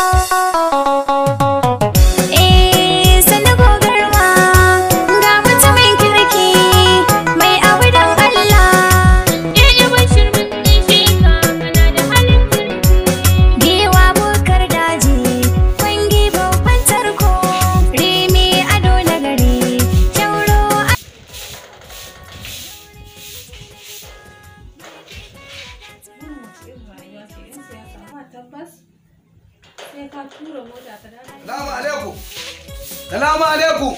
Música Salamu alaikum.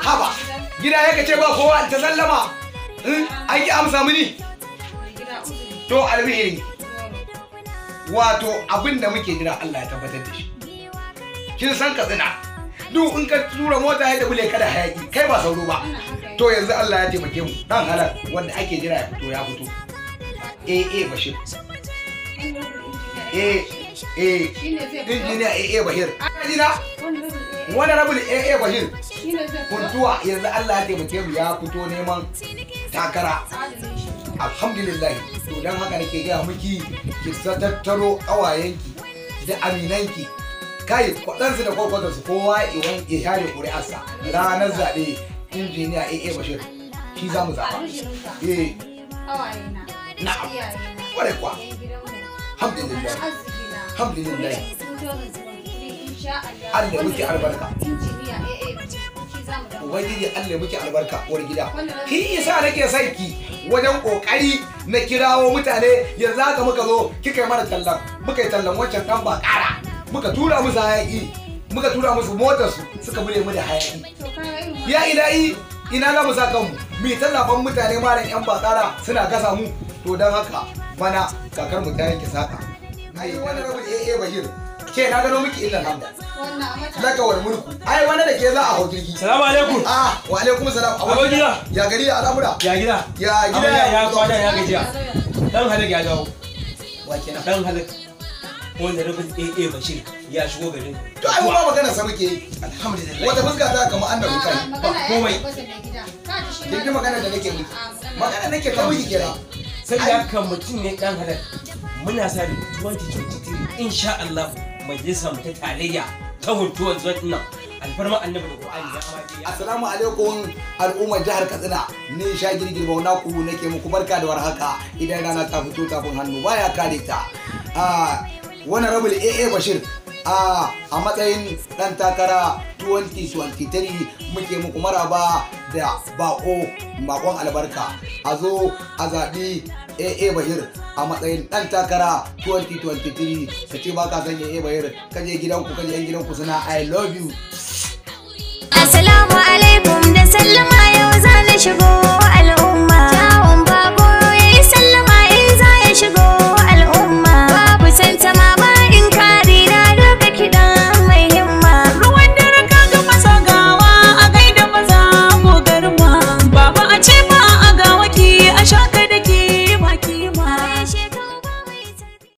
Haba, gida ya ce ba kowa ta sallama. Hmm? An ki amsa mini? To alheri. Wato abinda da muke jira Allah ya tabbatar da shi. Kin san ka tsina Duk in ka tura mota ya bule kada hayaki kai ba sauro ba. To yanzu Allah ya taimake mu dan halal wanda ake jira ya fito ya fito. Eh eh Bashir. Eh eh injiniya AA Bahir Kadina wani rabul AA Bahir kuntuwa yanzu Allah ya taimake mu ya fito neman takara alhamdulillah to dan haka nake gaya miki ki tattaro ƙawayenki da aminanki kai kwaɗansu da kwakwatansu kowa iwan ya share ƙuri'arsa ranar zaɓe injiniya AA Bashir shi za mu zaɓa. Eh. Awayena. Na'am. Kwarai kwa. Alhamdulillah. alhamdulillah Allah muke albarka ubangiji Allah muke albarka uwar gida ki isa nake son ki wajen kokari na kirawo mutane yanzu haka muka zo kika yi mana tallan muka yi tallan wancan kan ba kara muka tura musu hayaki muka tura musu motar su suka bude mu da hayaki ya ilahi ina za mu sa kanmu mu tallafan mutane mara yan bakara suna gasa mu to don haka bana kakar mu ta yanke saka ai wani rabu da yake bashir ke na gano miki illa hamda laka wal mulku ai wani da ke za a hau jirgi salamu alaikum ah wa alaikum salam abu gida ya gari ya al'amura ya gida ya gida ya kwada ya gajiya dan halak ya dawo wa kenan dan halak wanda rabin AA Bashir ya shigo garin to ai ba magana sa muke alhamdulillah wata fuska ta kamar an da wuta ba komai kin magana da nake miki magana nake ta miki kenan sai ya kan mutum ne dan halak muna sa ran 2023 insha Allah majalisar mu ta tarayya ta hutuwar zuwan nan alfarma annabi da Qur'ani ya kama Assalamu alaikum al'ummar jihar Katsina ni sha girgir bauna ku nake muku barka da warhaka idan rana ta fito tafin hannu baya kare ta wani ah, rabul AA Bashir ah, a matsayin dan takara 2023 muke muku maraba da bako bakon albarka a zo a zaɓi AA Bahir a matsayin ɗan takara 2023 ka ce ba ka san AA Bahir ka je gidanku kaje je yan gidanku suna I love you. Assalamu alaikum da sallama yau za na shigo.